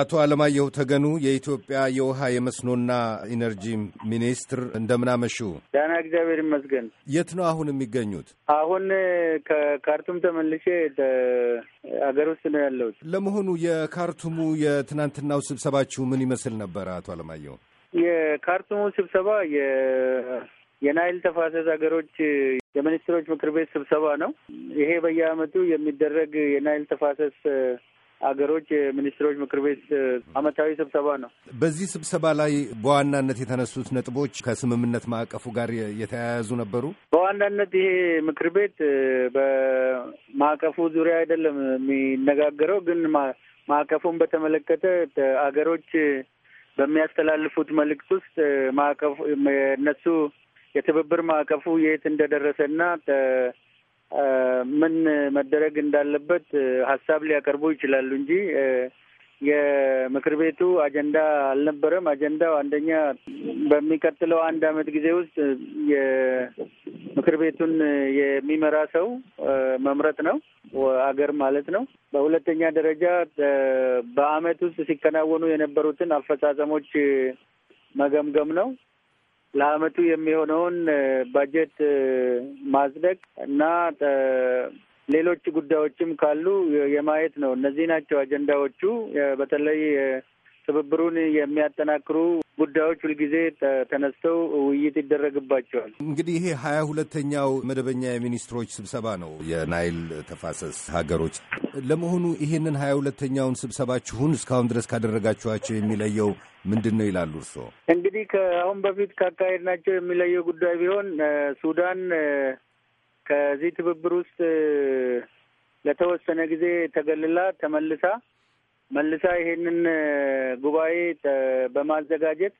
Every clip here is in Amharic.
አቶ አለማየሁ ተገኑ የኢትዮጵያ የውሃ የመስኖና ኢነርጂ ሚኒስትር፣ እንደምናመሹ። ደህና እግዚአብሔር ይመስገን። የት ነው አሁን የሚገኙት? አሁን ከካርቱም ተመልሼ አገር ውስጥ ነው ያለሁት። ለመሆኑ የካርቱሙ የትናንትናው ስብሰባችሁ ምን ይመስል ነበር አቶ አለማየሁ? የካርቱሙ ስብሰባ የናይል ተፋሰስ ሀገሮች የሚኒስትሮች ምክር ቤት ስብሰባ ነው። ይሄ በየአመቱ የሚደረግ የናይል ተፋሰስ አገሮች የሚኒስትሮች ምክር ቤት አመታዊ ስብሰባ ነው። በዚህ ስብሰባ ላይ በዋናነት የተነሱት ነጥቦች ከስምምነት ማዕቀፉ ጋር የተያያዙ ነበሩ። በዋናነት ይሄ ምክር ቤት በማዕቀፉ ዙሪያ አይደለም የሚነጋገረው፣ ግን ማዕቀፉን በተመለከተ አገሮች በሚያስተላልፉት መልእክት ውስጥ ማዕቀፉ እነሱ የትብብር ማዕቀፉ የት እንደደረሰና ምን መደረግ እንዳለበት ሀሳብ ሊያቀርቡ ይችላሉ እንጂ የምክር ቤቱ አጀንዳ አልነበረም። አጀንዳው አንደኛ በሚቀጥለው አንድ ዓመት ጊዜ ውስጥ የምክር ቤቱን የሚመራ ሰው መምረጥ ነው፣ አገር ማለት ነው። በሁለተኛ ደረጃ በዓመት ውስጥ ሲከናወኑ የነበሩትን አፈጻጸሞች መገምገም ነው። ለአመቱ የሚሆነውን ባጀት ማጽደቅ እና ሌሎች ጉዳዮችም ካሉ የማየት ነው። እነዚህ ናቸው አጀንዳዎቹ። በተለይ ትብብሩን የሚያጠናክሩ ጉዳዮች ሁልጊዜ ተነስተው ውይይት ይደረግባቸዋል። እንግዲህ ይሄ ሀያ ሁለተኛው መደበኛ የሚኒስትሮች ስብሰባ ነው የናይል ተፋሰስ ሀገሮች። ለመሆኑ ይሄንን ሀያ ሁለተኛውን ስብሰባችሁን እስካሁን ድረስ ካደረጋችኋቸው የሚለየው ምንድን ነው ይላሉ እርስዎ? እንግዲህ ከአሁን በፊት ናቸው የሚለየው ጉዳይ ቢሆን ሱዳን ከዚህ ትብብር ውስጥ ለተወሰነ ጊዜ ተገልላ ተመልሳ መልሳ ይሄንን ጉባኤ በማዘጋጀት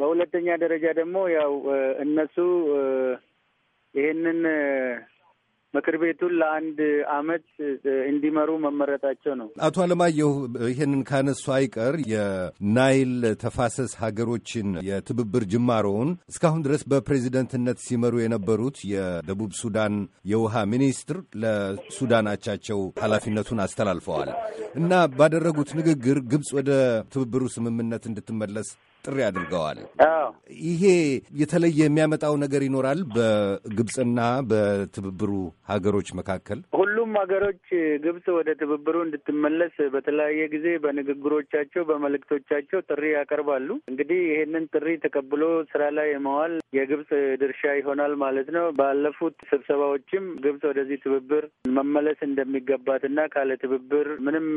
በሁለተኛ ደረጃ ደግሞ ያው እነሱ ይሄንን ምክር ቤቱን ለአንድ አመት እንዲመሩ መመረጣቸው ነው። አቶ አለማየሁ ይህንን ካነሱ አይቀር የናይል ተፋሰስ ሀገሮችን የትብብር ጅማሮውን እስካሁን ድረስ በፕሬዚደንትነት ሲመሩ የነበሩት የደቡብ ሱዳን የውሃ ሚኒስትር ለሱዳናቻቸው ኃላፊነቱን አስተላልፈዋል እና ባደረጉት ንግግር ግብፅ ወደ ትብብሩ ስምምነት እንድትመለስ ጥሪ አድርገዋል። ይሄ የተለየ የሚያመጣው ነገር ይኖራል በግብፅና በትብብሩ ሀገሮች መካከል ሁሉም ሀገሮች ግብፅ ወደ ትብብሩ እንድትመለስ በተለያየ ጊዜ በንግግሮቻቸው በመልእክቶቻቸው ጥሪ ያቀርባሉ። እንግዲህ ይህንን ጥሪ ተቀብሎ ስራ ላይ የመዋል የግብፅ ድርሻ ይሆናል ማለት ነው። ባለፉት ስብሰባዎችም ግብፅ ወደዚህ ትብብር መመለስ እንደሚገባትና ካለ ትብብር ምንም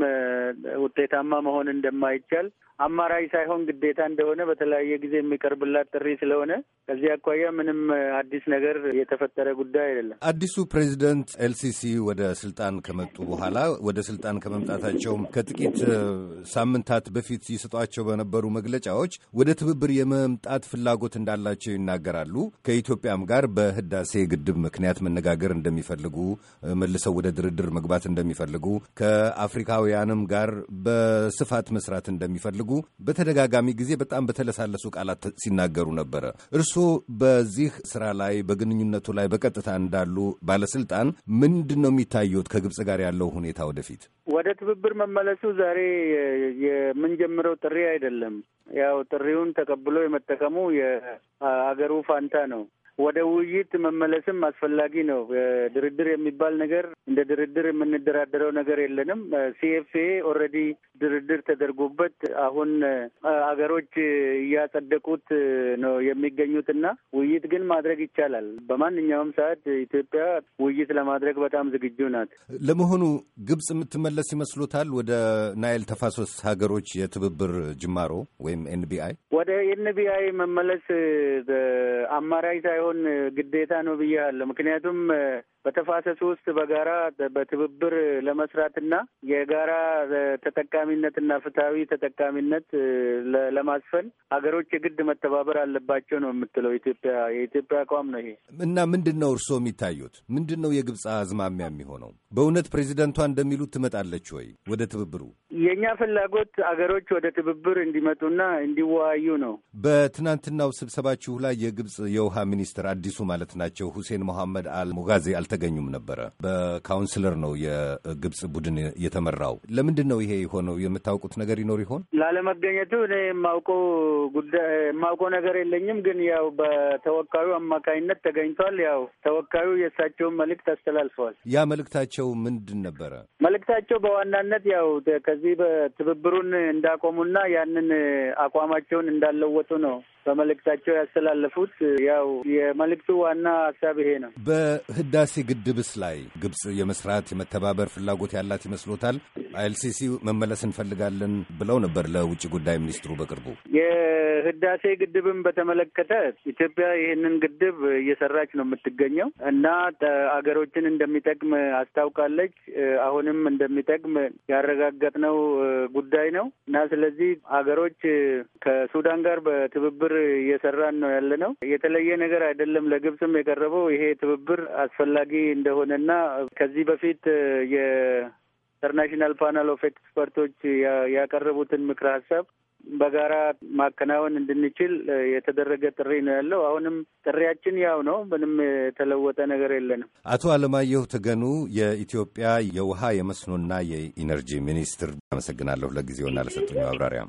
ውጤታማ መሆን እንደማይቻል አማራጭ ሳይሆን ግዴታ እንደሆነ ስለሆነ በተለያየ ጊዜ የሚቀርብላት ጥሪ ስለሆነ ከዚህ አኳያ ምንም አዲስ ነገር የተፈጠረ ጉዳይ አይደለም። አዲሱ ፕሬዚደንት ኤልሲሲ ወደ ስልጣን ከመጡ በኋላ ወደ ስልጣን ከመምጣታቸውም ከጥቂት ሳምንታት በፊት ይሰጧቸው በነበሩ መግለጫዎች ወደ ትብብር የመምጣት ፍላጎት እንዳላቸው ይናገራሉ። ከኢትዮጵያም ጋር በህዳሴ ግድብ ምክንያት መነጋገር እንደሚፈልጉ፣ መልሰው ወደ ድርድር መግባት እንደሚፈልጉ፣ ከአፍሪካውያንም ጋር በስፋት መስራት እንደሚፈልጉ በተደጋጋሚ ጊዜ በጣም በጣም በተለሳለሱ ቃላት ሲናገሩ ነበረ። እርስዎ በዚህ ስራ ላይ በግንኙነቱ ላይ በቀጥታ እንዳሉ ባለስልጣን ምንድን ነው የሚታየት ከግብፅ ጋር ያለው ሁኔታ ወደፊት ወደ ትብብር መመለሱ ዛሬ የምንጀምረው ጥሪ አይደለም። ያው ጥሪውን ተቀብሎ የመጠቀሙ የአገሩ ፋንታ ነው። ወደ ውይይት መመለስም አስፈላጊ ነው። ድርድር የሚባል ነገር እንደ ድርድር የምንደራደረው ነገር የለንም። ሲኤፍኤ ኦልሬዲ ድርድር ተደርጎበት አሁን አገሮች እያጸደቁት ነው የሚገኙት እና ውይይት ግን ማድረግ ይቻላል። በማንኛውም ሰዓት ኢትዮጵያ ውይይት ለማድረግ በጣም ዝግጁ ናት። ለመሆኑ ግብጽ የምትመለስ ይመስሉታል ወደ ናይል ተፋሰስ ሀገሮች የትብብር ጅማሮ ወይም ኤንቢአይ ወደ ኤንቢአይ መመለስ አማራጭ ሳይሆን ግዴታ ነው ብያለሁ። ምክንያቱም በተፋሰሱ ውስጥ በጋራ በትብብር ለመስራትና የጋራ ተጠቃሚነትና ፍትሐዊ ተጠቃሚነት ለማስፈን ሀገሮች የግድ መተባበር አለባቸው ነው የምትለው ኢትዮጵያ። የኢትዮጵያ አቋም ነው ይሄ እና ምንድን ነው እርስዎ የሚታዩት ምንድን ነው የግብፅ አዝማሚያ የሚሆነው? በእውነት ፕሬዚደንቷ እንደሚሉት ትመጣለች ወይ ወደ ትብብሩ? የእኛ ፍላጎት አገሮች ወደ ትብብር እንዲመጡና እንዲወያዩ ነው። በትናንትናው ስብሰባችሁ ላይ የግብፅ የውሃ ሚኒስትር አዲሱ ማለት ናቸው ሁሴን መሐመድ አል አልተ አልተገኙም ነበረ። በካውንስለር ነው የግብፅ ቡድን የተመራው። ለምንድን ነው ይሄ የሆነው? የምታውቁት ነገር ይኖር ይሆን? ላለመገኘቱ እኔ የማውቀው ጉዳይ የማውቀው ነገር የለኝም። ግን ያው በተወካዩ አማካኝነት ተገኝቷል። ያው ተወካዩ የእሳቸውን መልእክት አስተላልፈዋል። ያ መልእክታቸው ምንድን ነበረ? መልእክታቸው በዋናነት ያው ከዚህ በትብብሩን እንዳቆሙና ያንን አቋማቸውን እንዳለወጡ ነው በመልእክታቸው ያስተላለፉት ያው የመልእክቱ ዋና ሀሳብ ይሄ ነው። በህዳሴ ግድብስ ላይ ግብጽ የመስራት የመተባበር ፍላጎት ያላት ይመስሎታል? አይልሲሲ መመለስ እንፈልጋለን ብለው ነበር ለውጭ ጉዳይ ሚኒስትሩ በቅርቡ። የህዳሴ ግድብን በተመለከተ ኢትዮጵያ ይህንን ግድብ እየሰራች ነው የምትገኘው እና አገሮችን እንደሚጠቅም አስታውቃለች። አሁንም እንደሚጠቅም ያረጋገጥነው ጉዳይ ነው እና ስለዚህ አገሮች ከሱዳን ጋር በትብብር ትብብር እየሰራን ነው ያለ ነው። የተለየ ነገር አይደለም። ለግብጽም የቀረበው ይሄ ትብብር አስፈላጊ እንደሆነና ከዚህ በፊት የኢንተርናሽናል ፓናል ኦፍ ኤክስፐርቶች ያቀረቡትን ምክረ ሀሳብ በጋራ ማከናወን እንድንችል የተደረገ ጥሪ ነው ያለው። አሁንም ጥሪያችን ያው ነው። ምንም የተለወጠ ነገር የለንም። አቶ አለማየሁ ተገኑ የኢትዮጵያ የውሃ የመስኖና የኢነርጂ ሚኒስትር፣ አመሰግናለሁ ለጊዜውና ለሰጡኝ ማብራሪያ።